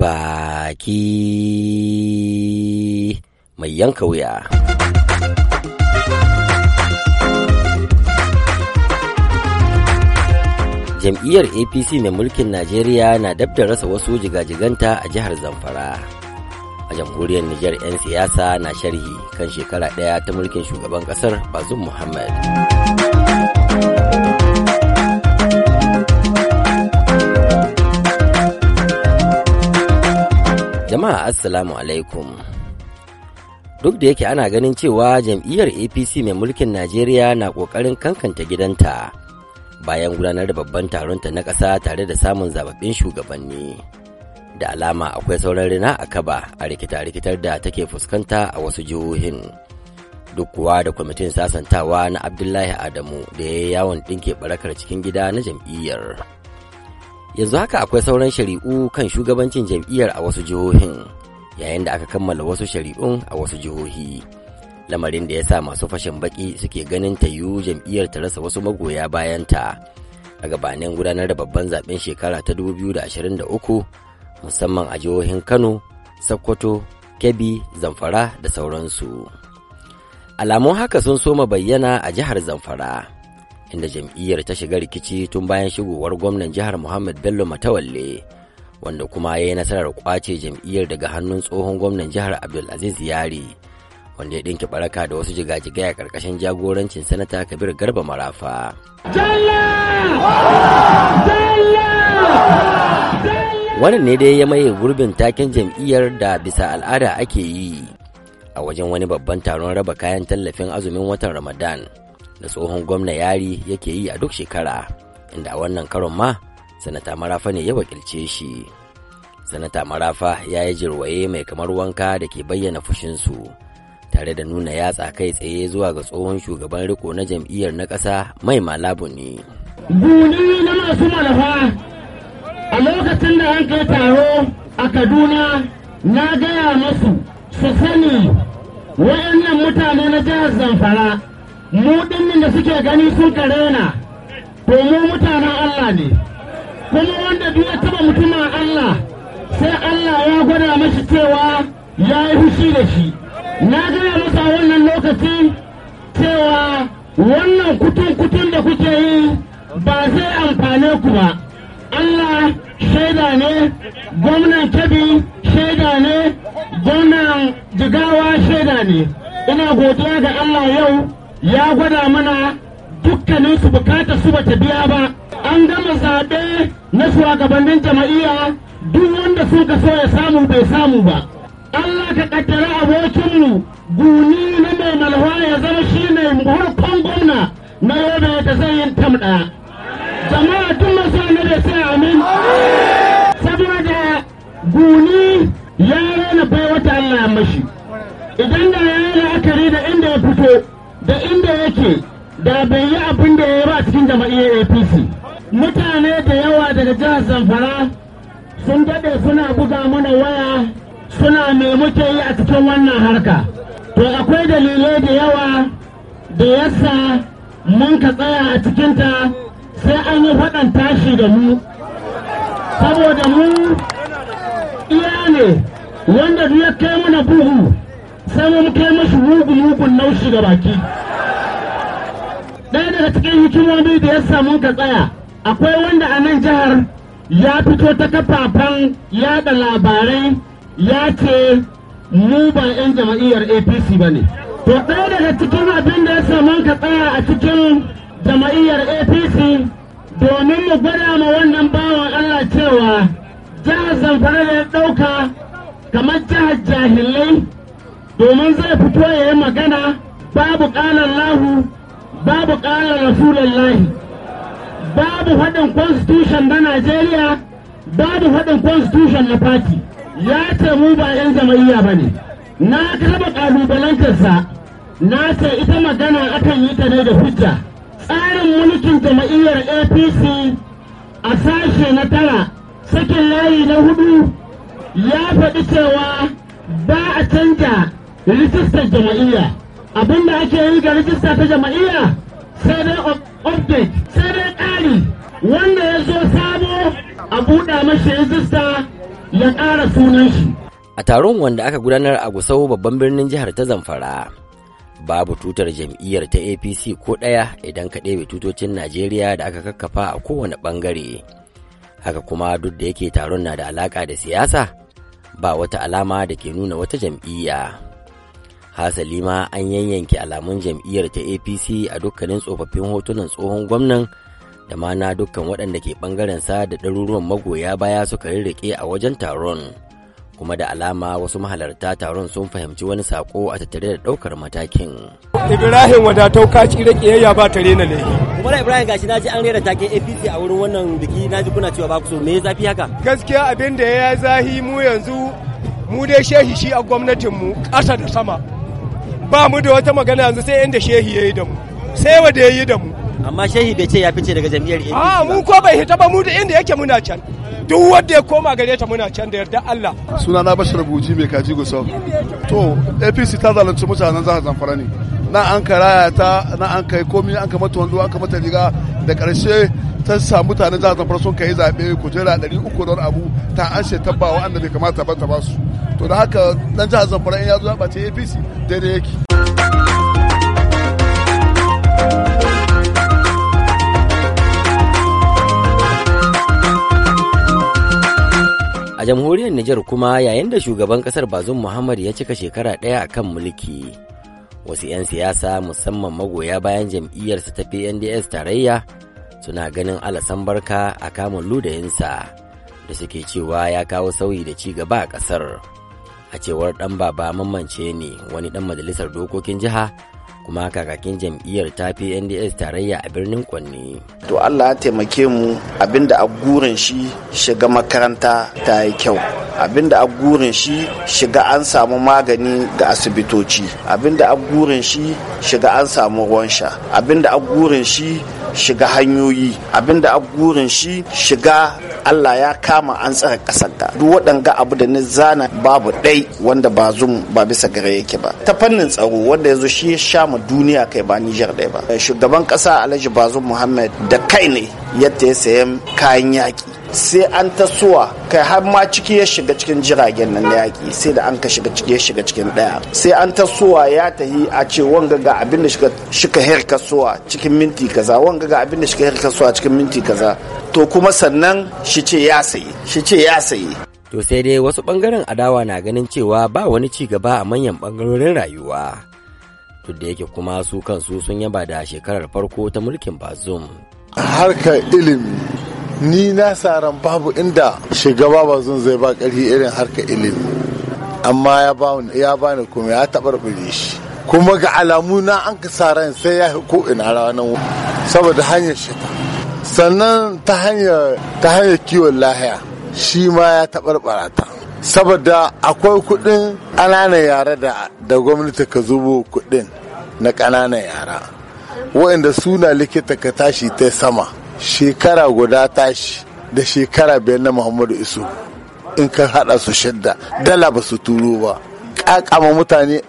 baki mai yanka wuya. Jam'iyyar APC mai mulkin Najeriya na dabda rasa wasu jiga-jiganta a jihar Zamfara. A jamhuriyar Nijar 'yan siyasa na sharhi kan shekara ɗaya ta mulkin shugaban ƙasar Bazum Muhammad. Jama'a Assalamu alaikum. Duk da yake ana ganin cewa jam'iyyar APC mai mulkin Najeriya na ƙoƙarin kankanta gidanta bayan gudanar da babban taronta na ƙasa tare da samun zababbin shugabanni. Da alama akwai sauran rina a kaba a rikita-rikitar da take fuskanta a wasu jihohin. Duk kuwa da kwamitin sasantawa na Abdullahi Adamu da ya yi yawon ɗinke barakar cikin gida na jam'iyyar. yanzu haka akwai sauran shari'u kan shugabancin jam'iyyar a wasu jihohin yayin da aka kammala wasu shari'un a wasu jihohi lamarin da ya sa masu fashin baki suke ganin ta yiwu jam'iyyar ta rasa wasu magoya bayanta a gabanin gudanar da babban zaben shekara ta 2023 musamman a jihohin kano sokoto kebbi zamfara da sauransu alamun haka sun soma bayyana a jihar zamfara inda jam'iyyar ta shiga rikici tun bayan shigowar gwamnan jihar Muhammad Bello Matawalle wanda kuma ya yi nasarar kwace jam'iyyar daga hannun tsohon gwamnan jihar Abdulaziz Yari wanda ya ɗinki baraka da wasu jigajigai a ƙarƙashin jagorancin sanata Kabir Garba Marafa. Wannan ne dai ya maye gurbin taken jam'iyyar da bisa al'ada ake yi a wajen wani babban taron raba kayan tallafin azumin watan Ramadan. da tsohon gwamna yari yake yi a duk shekara inda a wannan karon ma sanata marafa ne ya wakilce shi sanata marafa ya yi jirwaye mai kamar wanka da ke bayyana fushinsu tare da nuna yatsa kai tsaye zuwa ga tsohon shugaban riko na jam'iyyar na ƙasa mai malabu ne guni na masu malafa a lokacin da an taro a kaduna na gaya masu su sani waɗannan mutane na jihar zamfara mu dinnin da suke gani sun karena to mu mutanen Allah ne kuma wanda duk ya taba mutumin Allah sai Allah ya gwada mashi cewa ya yi fushi da shi na gaya masa wannan lokaci cewa wannan kutun kutun da kuke yi ba zai amfane ku ba Allah shaida ne gwamnan kebbi shaida ne gwamnan jigawa shaida ne ina godiya ga Allah yau ya gwada mana dukkanin su bukatar su bata biya ba an gama zaɓe na shugabannin jama'iyya duk wanda suka so ya samu bai samu ba Allah ka kaddara abokinmu guni na mai malwa ya zama shi ne farkon gwamna na yau da zai yin tamɗa jama'a tun masu ne da sai amin saboda guni ya rena bai wata Allah mashi idan da ya yi la'akari da inda ya da inda yake da bai yi abin da ya ba cikin jama'iyyar apc mutane da yawa daga jihar zamfara sun dade suna buga mana waya suna me muke yi a cikin wannan harka to akwai dalilai da yawa da yasa mun ka tsaya a cikinta sai an yi faɗan tashi da mu saboda mu iya ne wanda duk ya kai mana buhu sai mun kai mashi mugun mugun naushi ga baki cikin hikimomi da ya samu ka tsaya akwai wanda a nan jihar ya fito ta kafafen yada labarai ya ce mu ba 'yan jama'iyyar apc ba ne to ɗaya daga cikin abin da ya samu ka tsaya a cikin jama'iyyar apc domin mu gwada ma wannan bawan allah cewa jihar zamfara da ya ɗauka kamar jihar jahilai domin zai fito ya yi magana babu ƙanan lahu babu ƙara lahi babu haɗin constitution na najeriya babu haɗin constitution na party ya ce mu ba 'yan jama'iyya ba ne na karɓa ƙalubalantarsa na ce ita magana akan yi ta ne da hujja tsarin mulkin jama'iyyar apc a sashe na tara sakin layi na hudu ya faɗi cewa ba a canja rijistar jama'iyya abin da ake yi ga rijista ta jama'iyya sai dai update sai dai ƙari wanda ya zo sabo a buɗa mashi rijista ya ƙara sunan shi a taron wanda aka gudanar a gusau babban birnin jihar ta zamfara babu tutar jam'iyyar ta apc ko ɗaya idan ka ɗebe tutocin najeriya da aka kakkafa a kowane ɓangare haka kuma duk da yake taron na da alaƙa da siyasa ba wata alama da ke nuna wata jam'iyya hasali ma an yanyanke alamun jam'iyyar ta apc a dukkanin tsofaffin hotunan tsohon gwamnan da ma na dukkan waɗanda ke ɓangaren sa da ɗaruruwan magoya baya suka rirriƙe a wajen taron kuma da alama wasu mahalarta taron sun fahimci wani sako a tattare da ɗaukar matakin ibrahim wadatau ka tsira ƙiyayya ba tare na lehi kuma da ibrahim gashi na ji an rera taken apc a wurin wannan biki ji kuna cewa ba ku so me zafi haka gaskiya abin da ya zahi mu yanzu mu dai shehi shi a gwamnatinmu ƙasa da sama ba mu da wata magana yanzu sai inda shehi ya yi da mu sai wanda ya yi da mu amma shehi bai ce ya fice daga jam'iyyar APC a ah, mu ko bai hita ba mu da inda yake muna can duk wanda ya koma gare ta muna can da yarda Allah suna na bashar buji mai kaji gusa to APC ta zalunci mutanen zaha Zamfara ne na an karaya ta na an kai komai an kama wando an kama riga da karshe ta samu mutanen zaha Zamfara sun kai zabe kujera 300 da abu ta an ta ba wa'anda bai kamata ba ta basu to da haka dan jihar zamfara in ya zo zaɓa ce apc daidai yake a jamhuriyar Nijar kuma yayin da shugaban kasar Bazum Muhammad ya cika shekara ɗaya a kan mulki. Wasu 'yan siyasa musamman magoya bayan jam'iyyarsa ta PNDS tarayya suna ganin alasan barka a kamun ludayinsa da suke cewa ya kawo sauyi da ci gaba a ƙasar. a cewar ɗan baba mamance ne wani ɗan majalisar dokokin jiha kuma kakakin jam'iyyar ta nds tarayya a birnin Kwanne. To Allah ya taimake mu abinda a gurin shi shiga makaranta ta yi kyau. abinda a gurin shi shiga an samu magani ga asibitoci abinda a gurin shi shiga an samu ruwan sha abinda a gurin shi shiga hanyoyi abinda a gurin shi shiga Allah ya kama an tsara ƙasar da duk waɗanga abu da ni zana babu ɗai wanda ba zum ba bisa gare yake ba ta fannin tsaro wanda yanzu shi ya sha ma duniya kai ba Nijar ɗaya ba shugaban ƙasa Alhaji Bazum Muhammad da kai ne yadda ya sayan kayan yaƙi sai an tasowa kai har ma ciki ya shiga cikin jiragen nan na yaƙi sai da an ka shiga ciki ya shiga cikin ɗaya sai an tasowa ya tahi a ce wanga ga abin da shika suwa cikin minti kaza wanga ga abin da shika suwa cikin minti kaza to kuma sannan shi ce ya sayi shi ce ya sayi to sai dai wasu bangaren adawa na ganin cewa ba wani ci gaba a manyan bangarorin rayuwa duk da yake kuma su kansu sun yaba da shekarar farko ta mulkin bazum harkar ilimi ni na saran babu inda shugaba ba zun zai ba ƙarfi irin harka ilimi amma ya ba ya bani kuma ya tabarbare shi kuma ga alamu na an ka saran sai ya ko ina ranar saboda hanyar shata sannan ta hanyar ta hanyar kiwon lahiya shi ma ya taɓar barata. saboda akwai kuɗin ƙananan yara da da gwamnati ka zubo kuɗin na ƙananan yara waɗanda suna likita ka tashi ta sama shekara guda tashi da shekara biyar na muhammadu isu in ka hada su shadda dala ba su turo ba kakama mutane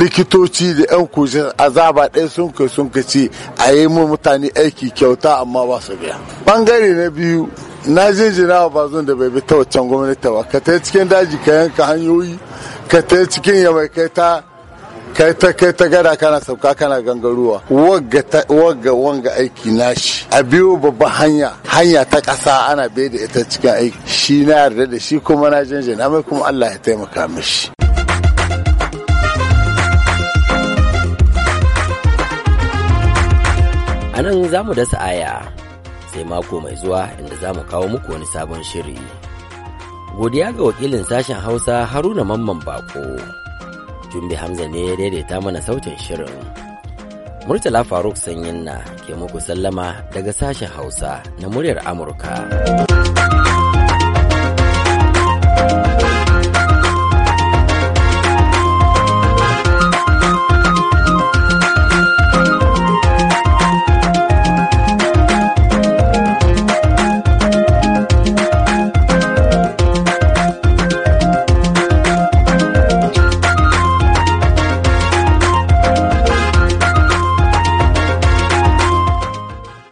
likitoci da 'yan kushin azaba ɗaya sun kai sun ci a yi mu mutane aiki kyauta amma ba su biya bangare na biyu na jinjina wa bazon da bai bi ta waccan gwamnati ba ka ta cikin daji ka yanka hanyoyi ka ta cikin yamai kai ta kai ta kai ta gada kana sauka kana gangaruwa wagga wagga wanga aiki nashi a biyo babban hanya hanya ta kasa ana bai da ita cikin aiki shi na yarda da shi kuma na janjana mai kuma Allah ya taimaka mishi A nan za mu dasa aya sai mako mai zuwa inda za mu kawo muku wani sabon shiri. Godiya ga wakilin sashen Hausa Haruna Mamman Bako. Jumbe Hamza ne ya daidaita mana sautin shirin. Murtala Faruk Sanyin na ke muku sallama daga sashen Hausa na muryar Amurka.